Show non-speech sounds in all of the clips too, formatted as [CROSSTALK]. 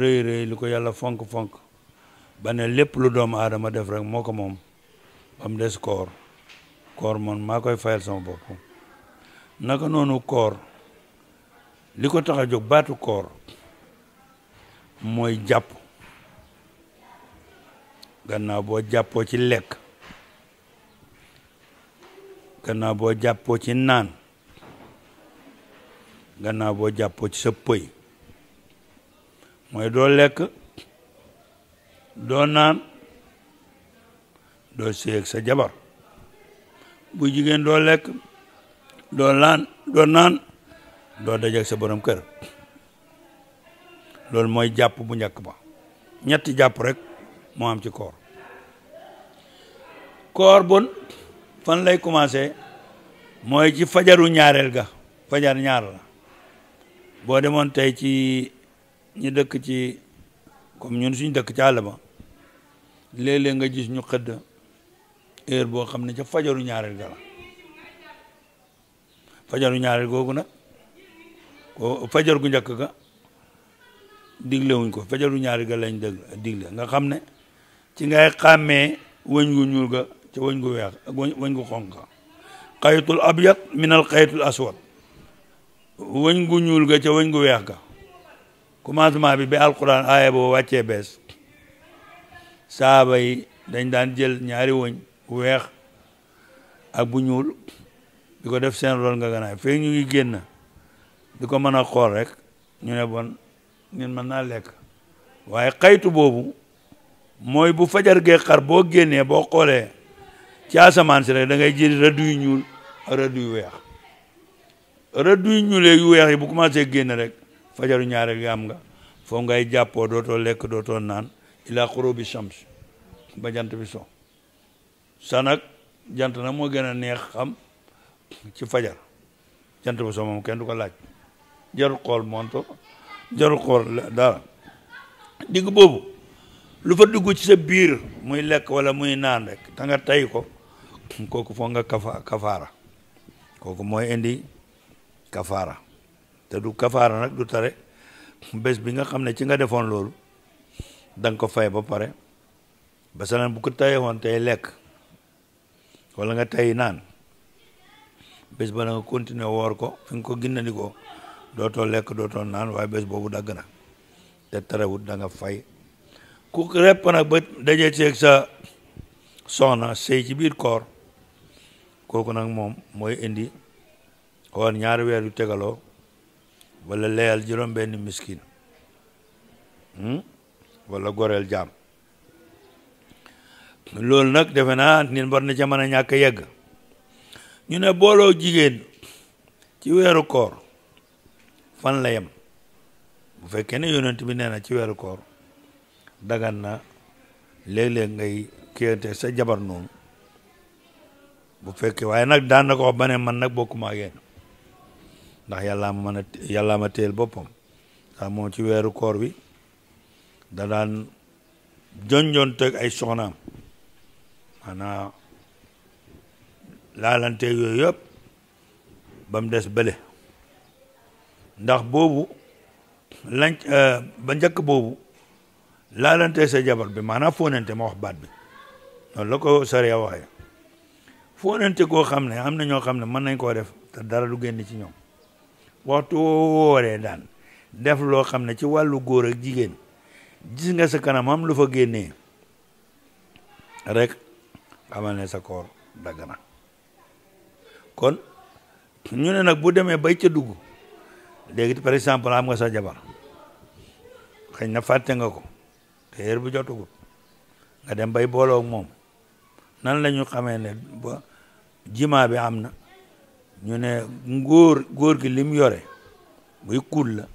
rëy rëy lu ko yàlla fonk-fonk ba ne lépp lu doomu aadama def rek moo ko moom ba mu des koor koor man maa koy fayal sama bopp naka noonu koor li ko tax a jóg baatu koor mooy jàpp gannaaw boo jàppoo ci lekk gannaaw boo jàppoo ci naan gannaaw boo jàppoo ci sa pëy mooy doo lekk doo naan doo séeg sa jabar bu jigéen doo lekk doo laan doo naan doo dajeeg sa borom kër loolu mooy jàpp bu njëkk ba ñetti jàpp rek moo am ci koor koor bon fan lay commencé mooy ci fajaru ñaareel ga fajar ñaar la boo demoon tey ci ñu dëkk ci comme ñun suñ dëkk ci àll ba léeg nga gis ñu xëdd heure boo xam ne ca fajaru ñaareel ga la fajaru ñaareel googu nag fajar gu njëkk ga digle wuñ ko fajaru ñaareel ga lañ dëgg digle nga xam ne ci ngay xàmmee wëñ gu ñuul ga ca wëñ gu weex ak wëñ gu xonq xayitul abyad min al xayitul aswad wëñ gu ñuul ga ca weñ gu weex ga commencement bi ba alquran aaya boo wàccee bees saaba yi dañ daan jël ñaari wëñ weex ak bu ñuul di ko def seen rol nga ganaay fii ñu génn di ko mën a xool rek ñu ne bon ñun mën naa lekk waaye xaytu boobu mooy bu fajar gee xar boo génnee boo xoolee ci asamaan si rek da ngay jël rëdd yu ñuul ak rëdd yu weex rëdd yu ñuulee yu weex yi bu commencé génn rek fajaru ñaareel gi nga foo ngay jàppoo dooto lekk dootoo naan ila xurubi shams ba jant bi so sa jant nag moo gën a neex xam ci fajar jant bu so moom kenn du ko laaj jarul xool monto jarul xool dara digg boobu lu fa dugg ci sa biir muy lekk wala muy naan rek ta nga tay ko kooku foo kafa kafaara kooku mooy indi kafaara te du kafaara nag du tare bés bi nga xam ne ci nga defoon loolu danga ko fay ba pare ba salaan bu ko tayee woon tey lekk wala nga tey naan bés ba nga continue woor ko fi nga ko ni ko dootoo lekk dootoo naan waaye bés boobu dagg na te terewut da nga fay ku repp nag ba dajee ceeg sa soxna sëy ci biir koor kooku nag moom mooy indi woon ñaari weer yu tegaloo wala leyal juróom benn miskin hmm? wala goreel jaam loolu nag defe naa nit war na ca mën a yegg ñu ne booloo jigéen ci weeru koor fan la yem bu fekkee ne yonent bi nee na ci weeru koor dagan na léeg-léeg ngay kiyante sa jabar noonu bu fekke waaye nag daan na ko wax ba ne man nag bokkuma ak ndax yàllaa ma mën a yàllaa ma téyel boppam ndax moom ci weeru koor wi da daan jonjoon teg ay soxnaam maanaam laalanteeg yooyu yëpp ba mu des bële ndax boobu lañ euh, ba njëkk boobu laalanteeg sa jabar bi maanaam fóonante ma wax baat bi noonu la ko sariya waxee fóonante koo xam ne am na ñoo xam ne mën nañ koo def te dara du génn ci ñoom waxtu woo wooree daan def loo xam ne ci wàllu góor ak jigéen gis nga sa kanam am lu fa génnee rek xamal ne sa koor dagg kon ñu ne nag bu demee bay ca dugg léegi par exemple am nga sa jabar xëy na fàtte nga ko te heure bu jotugul nga dem bay booloo moom nan la ñu xamee ne ba jimaa bi am na ñu ne ngóor góor gi lim yore muy kuul la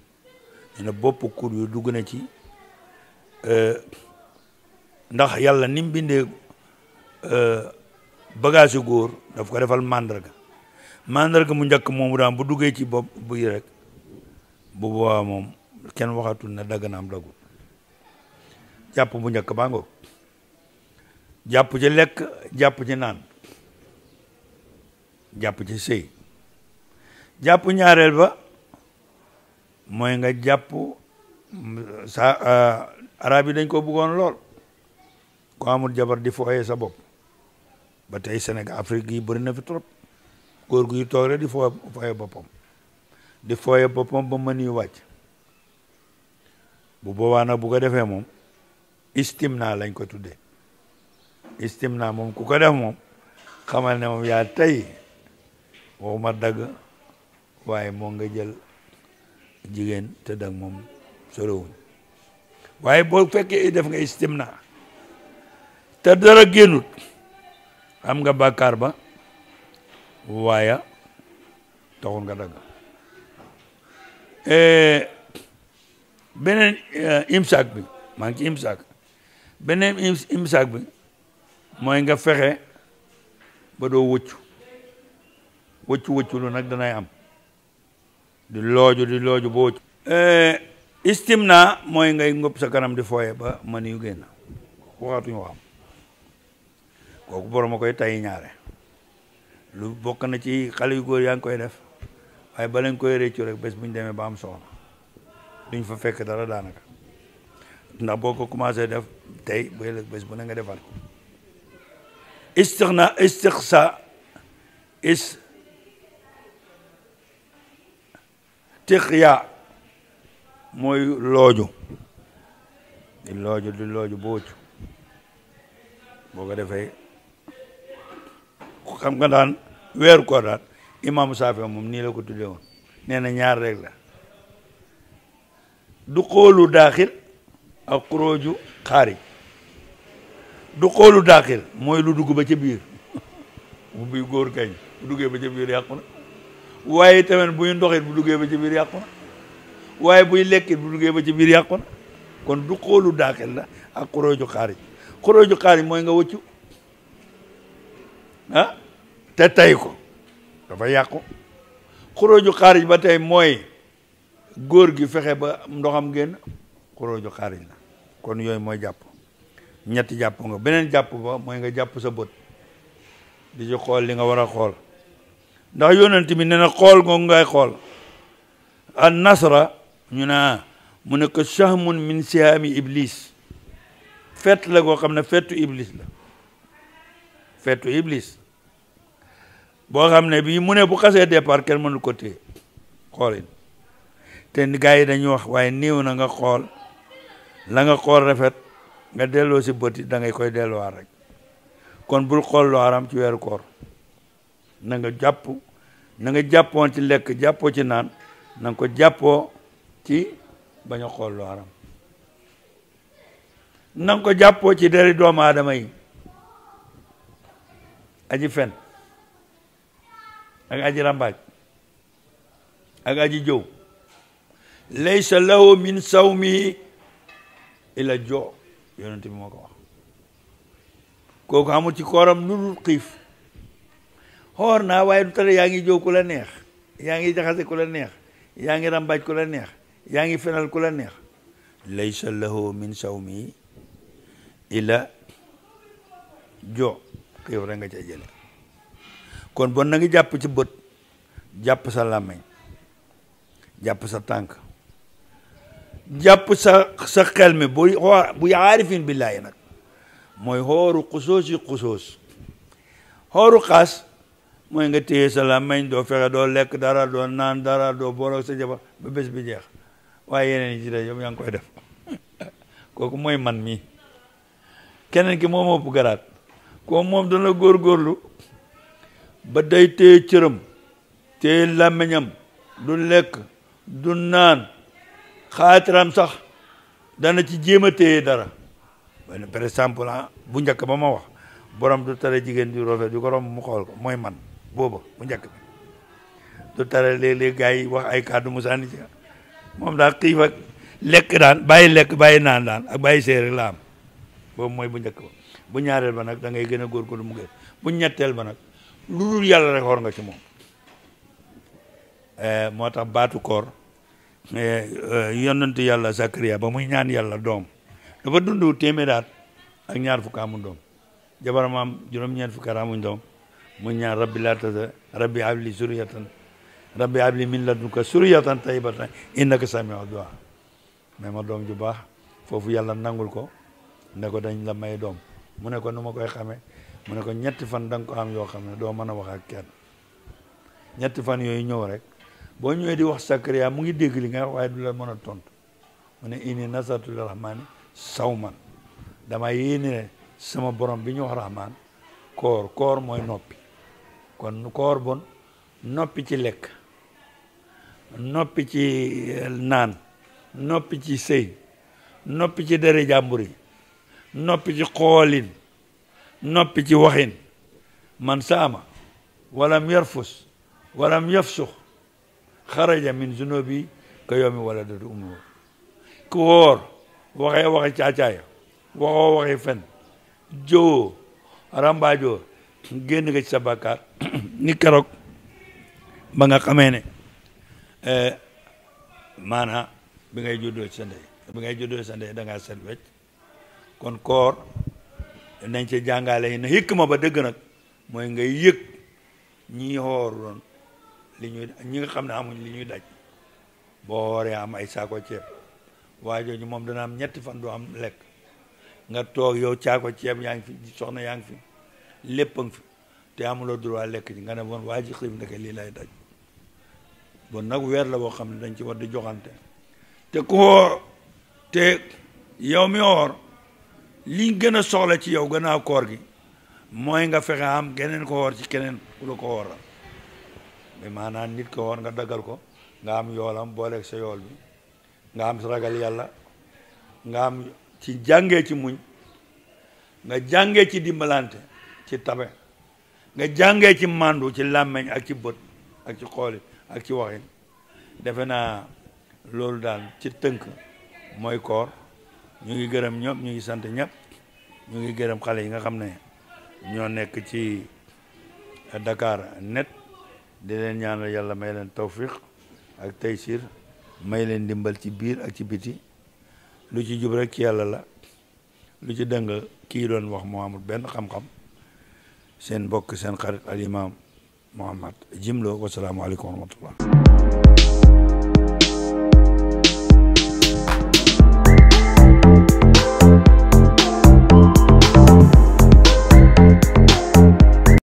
ñu ne bopp kuul yu dugg na ci euh, ndax yàlla ni mu bindee euh, bagage yu góor daf ko defal mandarga mandarga mu njëkk moomu daan bu duggee ci bopp buy rek bu boobaa moom kenn waxatul na dagg naam dagul jàpp bu njëkk baa ngoog jàpp ci lekk jàpp ci naan jàpp ci sëy jàpp ñaareel ba mooy nga jàpp sa euh, yi dañ koo bëggoon lool ku amul jabar di fooyee sa bopp ba tey senegal Afrique gii bëri na fi trop góor guy toog rek di fooye boppam di fooye boppam ba man yu wàcc bu boobaa nag bu defee moom naa lañ ko tuddee naa moom ku ko def moom xamal ne moom yaa tey waxuma dagg waaye moo nga jël jigéen tëdd ak moom sorowuñ waaye boo fekkee def nga istimna te dara génnut am nga bàkkaar ba waaye taxul nga dagg e, beneen e, imsaak bi maa ngi ci imsaak beneen imsaak bi mooy nga fexe ba doo wëccu wëccu wëccu lu nag danay am di looju di looju boo eh, istimna mooy ngay ngëpp sa kanam di fooye ba man yu génn waxaatuñu waxam kooku borom a koy tay ñaare lu bokk na ci xale yu góor yaa ngi koy def waaye balañ lañ koy réccu rek bés bu ñu demee ba am soxna duñ fa fekk dara daanaka ndax boo ko commencé def tey bu ëllëg bés bu ne nga defal ko istixna istixsa is tiqya mooy looju di looju di looju boocu boo ko defee xam nga daan weeru koor daan imaamu saafi moom nii la ko tuddee woon nee na ñaar rek la du xoolu daaxil ak xurooju xaarij du xoolu daaxil mooy lu dugg ba ca biir [LAUGHS] bu buy góor gañ bu duggee ba ca biir yàqu na waaye tamit buy ndoxit bu duggee ba ci biir yàqu waaye buy lekkit bu duggee ba ci biir yàqu kon du koolu daaxel la ak xorooju xaarij xorooju xaarij mooy nga wëccu ah? te tay ko dafa yàqu xorooju xaarij ba tey mooy góor gi fexe ba ndoxam génn xorooju xaarij la kon yooyu mooy jàpp ñetti jàpp nga beneen jàpp ba mooy nga jàpp sa bët di ci xool li nga war a xool ndax yonent bi nee na xool googu ngay xool an nasra ñu ne mu ne ko sahmun min sihaami iblis fett la goo xam ne fettu iblis la fettu iblis boo xam ne bii mu ne bu xasee départ kenn mënul ko téye xoolin te gars yi dañuy wax waaye néew na nga xool la nga xool rafet nga delloo si bëti da ngay koy delluwaat rek kon bul xool lu haram ci weeru koor na nga jàpp na nga jàppoon ci lekk jàppoo ci naan na nga ko jàppoo ci bañ a xool lu haram na nga ko jàppoo ci deri doomu aadama yi aji fen ak aji rambaaj ak aji jëw laysa lahu min sawmihi ila joo yonent bi moo ko wax kooku amul ci kooram lu dul xiif xoor naa waaye du tere yaa ngi jow ku la neex yaa ngi jaxase ku la neex yaa ngi ràmbaaj ku la neex yaa ngi fenal ku la neex laysa lahu min sawmi ila jo yow rek nga ca jële kon bon nag ngi jàpp ci bët jàpp sa làmmiñ jàpp sa tànk jàpp sa sa xel mi bu bu aarifin billaahi nag mooy xooru xusoos yi xusoos xooru xaas mooy nga téye sa làmmiñ doo fexe doo lekk dara doo naan dara doo booloo sa jabar ba bés bi jeex waaye yeneen yi ci des yow ngi koy def [LAUGHS] kooku mooy man mi keneen ki moom ëpp garaat ko moom dana góorgóorlu ba day téye cëram téye làmmiñam du lekk du naan xaatiram sax dana ci jéem a téye dara par exemple ah, bu njëkk ba ma wax borom du tere jigéen di rafet di ko romb mu xool mooy man booba bu njëkk bi tara léeg-léeg gars yi wax ay kàddu mu sànni ci moom daal xiif ak lekk daan bàyyi lekk bàyyi naan daan ak bàyyi seer rek boobu mooy bu njëkk ba bu ñaareel ba nag da ngay gën a góorgóorlu mu gën bu ñetteel ba nag lu dul yàlla rek xoor nga ci moom eh, moo tax baatu koor eh, eh, yonentu yàlla Sakariya ba muy ñaan yàlla doom dafa dundu téeméeraat ak ñaar fukk amuñ doom jabaram am juróom-ñeent fukk amuñ doom mu ñaan rabbi laa tazar rabbi habli zurriyatan rabbi habli min ladunka zurriyatan tayyibatan innaka samiu du'a mais ma doom ju baax foofu yàlla nangul ko ne ko dañ la may doom mu ne ko nu ma koy xamee mu ne ko ñetti fan da ko am yoo xam ne doo mën a wax ak kenn ñetti fan yooyu ñëw rek boo ñëwee di wax Sakariya mu ngi dégg li nga waaye du la mën a tontu mu ne inni nasartu li rahmaani sawman dama yéene sama borom bi ñu wax rahmaan koor koor mooy noppi kon nu koor bon noppi ci lekk noppi ci eh, naan noppi ci sëy noppi ci dere jàmbur yi noppi ci xoolin noppi ci waxin man saama walam yarfus walam yafsux xaraja min zunubi ka yoomi wala dadu umru ku wóor waxee waxe caacaaya waxoo waxe fen jowo rambaajoo génn nga ci sa bàkkaar [CLEARS THROAT] ni keroog ba nga xamee ne eh, maanaa bi ngay juddoo ci sa ndey bi ngay juddoo ci sa ndey da ngaa set kon koor nañ ci jàngale yi na hikma ba dëgg nag mooy ngay yëg ñi xoor doon li ñuy ñi nga xam ne amuñ li ñuy daj boo wooree am ay saako ceeb waa jooju moom dana am ñetti fan du am lekk nga toog yow caako ceeb yaa ngi fi soxna yaa ngi fi lépp a ngi fi te amuloo droit lekk ci nga ne bon waa ji xiif ndeke lii lay daj bon nag weer la boo xam ne dañ ci war di joxante te ku woor te yow mi woor liñ gën a soxla ci yow gannaaw koor gi mooy nga fexe am geneen ko woor ci keneen ku la ko wooral mais maanaam nit ko woor nga daggal ko nga am yoolam booleeg sa yool bi nga am ragal yàlla nga am ci jàngee ci muñ nga jàngee ci dimbalante ci tabe nga jàngee ci màndu ci làmmeñ ak ci bët ak ci xooli ak ci waxin defe naa loolu daal ci tënk mooy koor ñu ngi gërëm ñëpp ñu ngi sant ñëpp ñu ngi gërëm xale yi nga xam ne ñoo nekk ci Dakar net di leen ñaan yàlla may leen tawfiq ak taysir may leen dimbal ci biir ak ci biti lu ci jub rek ci yàlla la lu ci dëng kii doon wax moo amul benn xam-xam seen mbokk seen xarit al imam Mouhammad Jimlo wasalaamualeykum wa rahmatullah